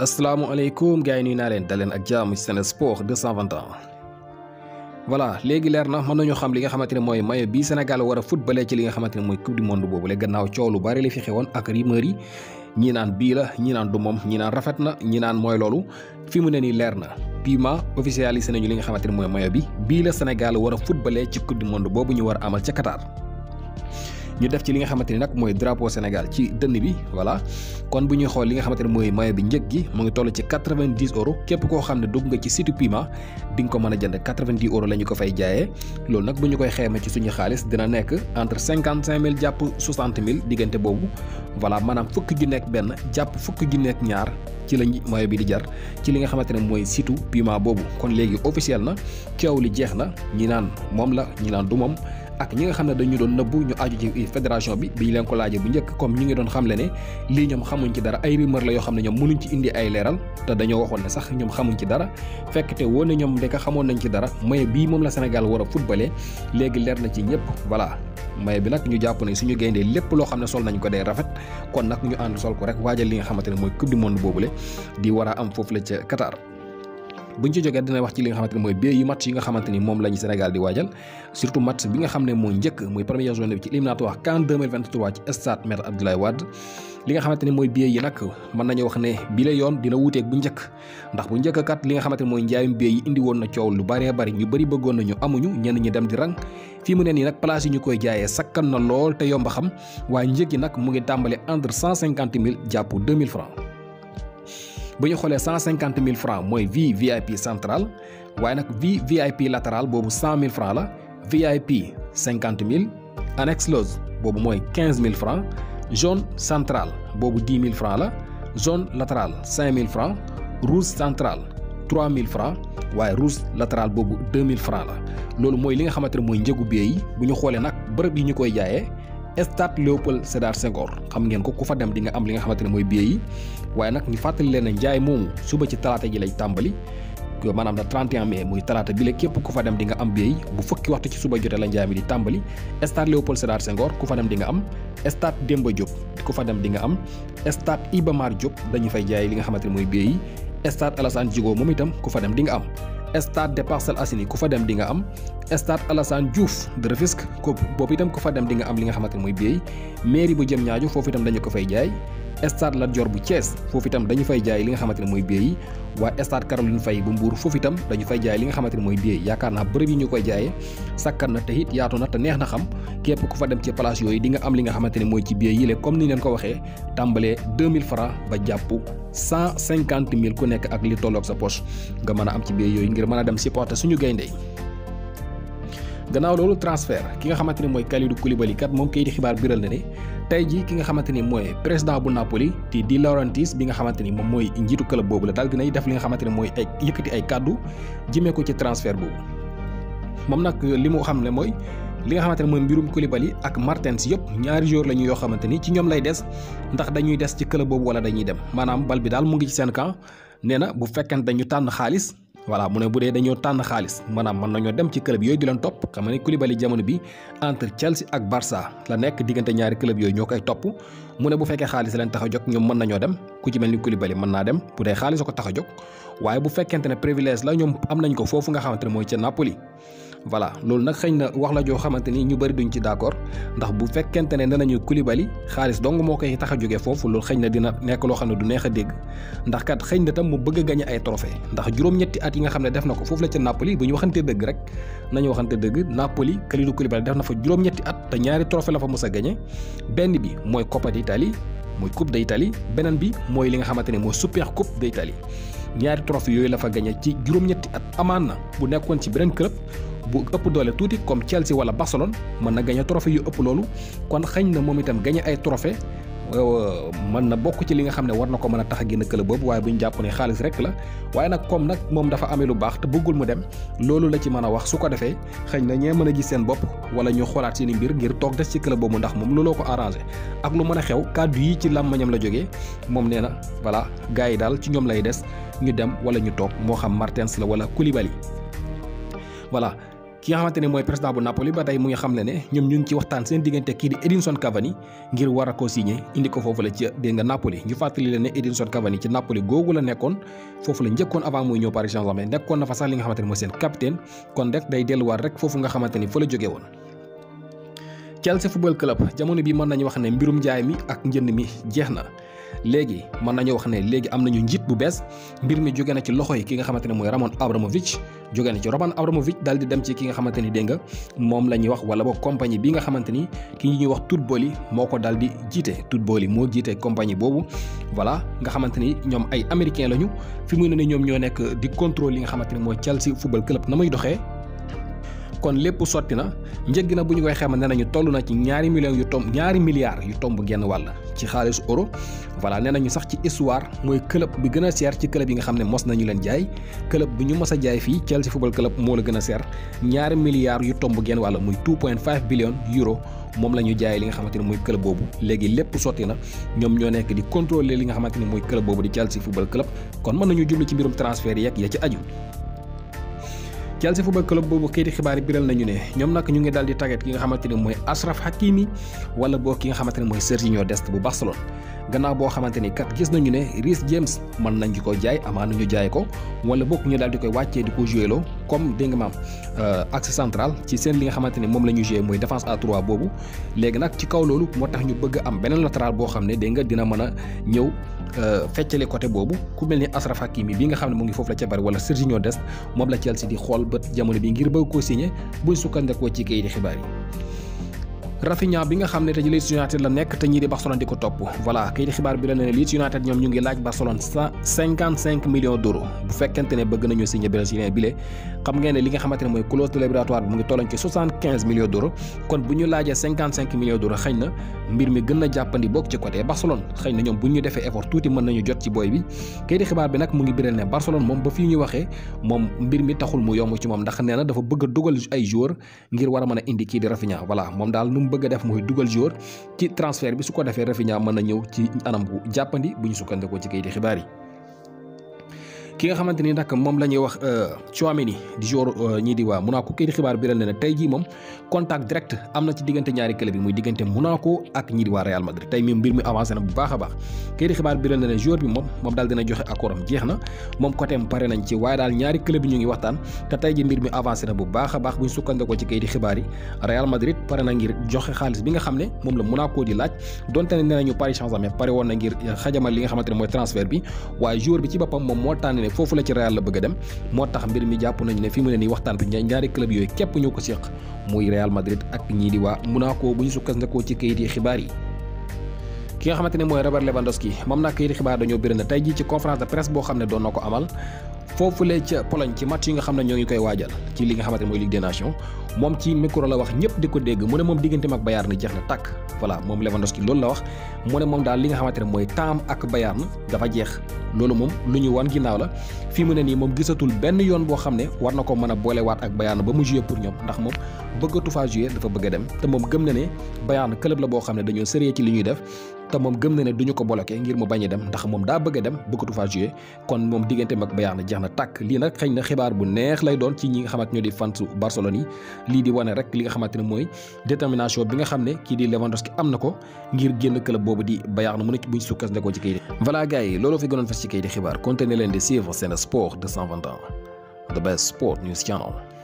asalaamaaleykum gaa yi nuyu naa leen daleen ak jaamu ci Sen Sport 221. voilà léegi leer na mën nañu xam li nga xamante ne mooy maillot bi Sénégal war a footballé ci li nga xamante ne mooy coupe du boobu boobule gannaaw coow lu bari li fi xewoon ak rumeur yi ñi naan bii la ñi naan du moom ñi naan rafet na ñi naan mooy loolu fi mu ne nii leer na Puma officialisé nañu li nga xamante ne mooy maillot bi bii la Sénégal war a footballé ci coupe du monde boobu ñu war a amal ca Qatar. ñu def ci li nga xamanteni nak moy drapeau Sénégal ci dënd bi voilà kon bu ñuy xol li nga xamanteni moy maye bi njëg gi mo ngi toll ci 90 euros képp ko dug nga ci site Pima di nga ko mëna jënd 90 euros lañu ko fay jaayé lool nak bu ñu koy ci suñu xaaliss dina nekk entre 55000 japp 60000 digënté bobu voilà manam fukk ju nekk ben japp fukk ju nekk ñaar ci lañ maillot bi di jar ci li nga moy site Pima bobu kon legi officiel na coow li jeex na ñi naan mom la ñi naan du mom ak ñi nga xam ne dañu doon nëbbu ñu aju ci fédération bi bi ñu leen ko laajee bu njëkk comme ñu ngi doon xamle ne lii ñoom xamuñ ci dara ay rumeur la yoo xam ne ñoom mënuñ ci indi ay te dañoo waxoon ne sax ñoom xamuñ ci dara fekk te woon ne ñoom xamoon nañ ci dara maye bi moom la Sénégal war a footballé léegi leer na ci ñëpp voilà maye bi nag ñu jàpp ne suñu gayndee lépp loo xam ne sol nañ ko day rafet kon nag ñu ànd sol ko rek waajal li nga xamante ne mooy coupe du boobu boobule di war am foofu la ca Qatar buñ ci joggé dina wax ci li nga xamanteni moy bi yu match yi nga xamanteni mom lañu Sénégal di wajal surtout match bi nga xamné ne ñëk moy première journée ci éliminatoire CAN 2023 ci stade Mer Abdoulaye Wad li nga xamanteni moy bi yi nak man nañu wax né bi la yoon dina wuté bu ñëk ndax bu ñëk kat li nga xamanteni moy mooy bi yi indi won na ciow lu bari bari ñu bari bëggoon nañu amuñu ñen ñi dem di rang fi mu ne nii nak place yi ñu koy jaayee sakkan na lool té yomb xam wa ñëk yi nak mu ngi tambalé entre 150000 japp 2000 francs 150 ñu xoolee 000 francs vie VIP central vie VIP latérale 100 100 francs VIP 50 000 annexe loge boobu francs zone centrale bobu 000 francs la zone latérale 5 francs rouge central 3 000 francs rouge latérale boobu deux francs la loolu mooy li nga xamante ne stade Léopold Sédar Senghor xam ngeen ko ku fa dem di nga am li nga xamante ne mooy billet yi waaye nag ñu fàttali leen ne njaay moomu suba ci talaata ji lay tàmbali maanaam da 31 mai muy talaata bi la képp ku fa dem di nga am billet yi bu fukki waxtu suba jotee la njaay mi di tàmbali stade Léopold Sédar Senghor ku fa dem di nga am stade Demba Diop ku fa dem di nga am stade Iba Mar Diop dañu fay jaay li nga xamante ne mooy billet yi stade Alassane Djigo moom itam ku fa dem di nga am estade des Parcelles Assainies ku fa dem di nga am stade Alassane Diouf de Rufisque ko boobu itam ku fa dem di nga am li nga xamante ne mooy billet mairie bu Diamniadio foofu itam dañu ko fay jaay stade Lat Dior bu cees foofu itam dañu fay jaay li nga xamante ne mooy billet yi waaye stade Caroline fay bu mbuur fofu tam dañu fay jaay li nga xamanteni moy mooy yakarna yaakaar naa bërëb yi ñu koy sakkan na te hit yaatu na te neex na xam képp ku fa dem ci place yoy di nga am li nga xamanteni moy ci billet yile comme ni leen ko waxee tambalé 2000 francs ba japp 150.000 ku nekk ak li tolok sa poche nga mëna am ci billet yoy ngir mëna a dem supporter suñu gaynde ganaw lolu transfert ki nga xamanteni moy Kalidou Koulibaly kat mom kay di xibaar biral na ne tey ji ki nga xamante ni mooy président bu Napoli di Di Laurentiis bi nga xamante ni moom mooy njiitu club boobu la daal dinay def li nga xamante mooy ay yëkkati ay kàddu jëmee ko ci transfert boobu moom nag li mu xam ne mooy li nga xamante ne mooy mbirum Koulibaly ak Martens yëpp ñaari joueur la ñu yoo xamante ni ci ñoom lay des ndax dañuy des ci club boobu wala dañuy dem maanaam bal bi daal mu ngi ci seen camp nee na bu fekkente dañu tànn xaalis voilà mu ne bu dee dañoo tànn xaalis maanaam mën nañoo dem ci club yooyu di leen topp xam nga ne Koulibaly jamono bi entre Chelsea ak Barça la nekk diggante ñaari club yooyu ñoo koy topp mu ne bu fekkee xaalis leen tax a jóg ñoom mën nañoo dem ku ci mel ni Koulibaly mën naa dem bu dee xaalis ko tax a jóg waaye bu fekkente ne privilège la ñoom am nañ ko foofu nga xamante ne mooy Napoli voilà loolu nag xëy na wax la joo xamante ni ñu bari duñ ci d'accord ndax bu fekkente ne danañu kulibali xaalis dong moo koy tax a jógee foofu loolu xëy na dina nekk loo xam du neex a dégg ndax kat xëy na tam mu bëgg a gañe ay trophée ndax juróom-ñetti at yi nga xam ne def na ko foofu la ca Napoli bu ñu waxante dëgg rek nañu waxante dëgg Napoli kalidu kulibali def na fa juróom-ñetti at te ñaari trophée la fa mos a gagné benn bi mooy Coppa d'Italie mooy Coupe d'Italie beneen bi mooy li nga xamante ne mooy Super Coupe d'Italie ñaari trophée yooyu la fa gagné ci juróom-ñetti at amaan na bu nekkoon ci beneen club bu ëpp doole tuuti comme Chelsea wala Barcelone mën na gagné trophée yu ëpp loolu kon xañ na moom itam gagné ay trophée Euh, mën na bokk ci li nga xam ne war na ko mën a tax a génn club boobu waaye bu ñu jàpp ne xaalis rek la waaye nag comme nag moom dafa amee lu baax te bëggul mu dem loolu la ci mën a wax su ko defee xëy na ñee mën a ji seen bopp wala ñu xoolaat seeni mbir ngir toog des ci club boobu ndax moom looloo ko arrangé ak lu mën a xew kàddu yi ci làmmañam la jóge moom nee na voilà gars yi daal ci ñoom lay des ñu dem wala ñu toog moo xam Martens la wala Koulibaly voilà ki nga xamante ne mooy président bu Napoli ba tey mu ngi xam ne ne ñoom ñu ngi ci waxtaan seen diggante kii di Edinson Cavani ngir war a ko signé indi ko foofu la ci dégg nga Napoli ñu fàttali leen ne Edinson Cavani ci Napoli googu la nekkoon foofu la njëkkoon avant muy ñëw Paris Saint-Germain nekkoon na fa sax li nga xamante mooy seen capitaine kon rek day delluwaat rek foofu nga xamante ni fa la jógee woon Chelsea Football Club jamono bi mën nañu wax ne mbirum jaay mi ak njënd mi jeex na léegi mën nañu wax ne léegi am nañu njiit bu bees mbir mi jóge na ci loxo yi ki nga xamante ne mooy Roman Abramovich jóge na ci Roman Abramovich daal di dem ci ki nga xamante ni dégg nga moom la ñuy wax wala boog compagnie bi nga xamante ni ki ñuy wax Tutboli moo ko daal di jiite Tutboli moo jiite compagnie boobu voilà nga xamante ni ñoom ay américain lañu fi mu ne ne ñoom ñoo nekk di contrôle li nga xamante ne mooy Chelsea Football Club na muy doxee kon lépp sotti na njëg gi na bu ñu koy xamal ne nañu toll na ci ñaari millions yu tomb ñaari milliards yu tomb genn wàll ci xaalis euro voilà nee nañu sax ci histoire mooy club bi gën a seer ci club yi nga xam ne mos nañu leen jaay club bu ñu mos a jaay fii Chelsea football club moo la gën a seer ñaari milliards yu tomb genn wàll muy 2.5 billion euro moom la ñu jaay li nga xamante ne mooy club boobu léegi lépp sotti na ñoom ñoo nekk di contrôler li nga xamante ne mooy club boobu di Chelsea football club kon mën nañu jublu ci mbirum transfert yeeg ya ci aju Chelsea Football Club boobu kayiti xibaar yi biral nañu ne ñoom nag ñu ngi daal di tàggat ki nga xamante ne mooy Achraf Hakimi wala boo ki nga xamante ne mooy Serginho Dest bu Barcelone gannaaw boo xamante ni kat gis nañu ne Reece James mën nañ ko jaay amaana ñu jaay ko wala bokk ñu daal di koy wàccee di ko joué loo comme dégg nga maam euh, axe central ci seen li nga xamante ne moom la ñu joué mooy défense à 3 boobu. léegi nag ci kaw loolu moo tax ñu bëgg am beneen latéral boo xam ne dégg nga dina mën a ñëw euh, feccale côté boobu ku mel ni Achraf Hakimi bi nga xam ne mu ngi foofu la ca bari wala Serginho Dest moom la Chelsea di xool bët jamono bi ngir bëgg koo signé buñ sukkandekoo ci kayiti xibaar yi. Rafinha bi nga xam ne tey Leeds United la nekk te ñii di Barcelone di ko topp voilà kayit xibaar bi la ne Leeds United ñoom ñu ngi laaj Barcelone cent cinquante cinq bu fekkente ne bëgg nañu signé brésilien bile xam ngeen ne li nga xamante ne mooy clause libératoire bi mu ngi tolloon ci soixante quinze millions kon bu ñu laajee cinquante cinq millions d'euros na mbir mi gën na jàppandi bokk ci côté Barcelone xëy na ñoom bu ñu defee effort tuuti mën nañu jot ci booy a bëgg a def mooy dugal joueur ci transfert bi su ko defee Rafinha mën a ñëw ci anam gu jàppandi bu ñu sukkandikoo ci kayiti xibaar yi. ki nga xamante ni nag moom la wax euh, Tchouaméni di euh, di waa Monaco kii di xibaar bi ren ne na ci diggante ñaari club bi muy diggante Monaco ak ñii di waa a baax kii xibaar bi ren ne na a joxe xaalis bi nga xam ne moom la Monaco di laaj donte ne nañu Paris saint pare woon na ngir xajamal li nga xamante ne mooy transfert bi waaye jour bi ci boppam moom moo tànn ne foofu la ci Real la bëgg a dem moo tax mbir mi jàpp nañu ne fi mu ne nii waxtaan bi ñaari club yooyu képp ñoo ko séq muy Real Madrid ak ñii di waa Monaco bu ñu sukkandikoo ci kayit yi xibaar yi. ki nga xamante ne mooy Robert Lewandowski moom nag kayit xibaar dañoo bëri na tey jii ci conférence de presse boo xam ne doon na ko amal. foofulee ca Pologne ci match yi nga xam ne ñoo ngi koy waajal ci li nga xamante mooy Ligue des Nations moom ci micro la wax ñëpp di ko dégg mu ne moom digganteem ak Bayern na jeex na tàkk voilà moom Lewandowski loolu la wax mu ne moom daal li nga xamante ne mooy taam ak Bayern dafa jeex loolu moom lu ñu wan ginnaaw la fi mu ne nii moom gisatul benn yoon boo xam ne war na ko mën a boolewaat ak Bayern ba mu joué pour ñoom ndax moom bëggatu faa bëgg dem te moom gëm na ne Bayern club la boo xam ne dañoo sérieux li ñuy def te moom gëm na ne duñu ko bloqué ngir mu bañ a dem ndax moom daa bëgg a dem bëggatu faa joué kon moom digganteem ak Bayern jeex na tàkk lii nag xëy na xibaar bu neex lay doon ci ñi nga xamante ñoo di fans Barcelone yi lii di wane rek li nga xamante ne mooy détermination bi nga xam ne kii di Lewandowski am na ko ngir génn club boobu di Bayern na mu nekk bu ñu sukkandikoo ci kayit xibaar continuez leen di suivre seen sport 221 the best sport news channel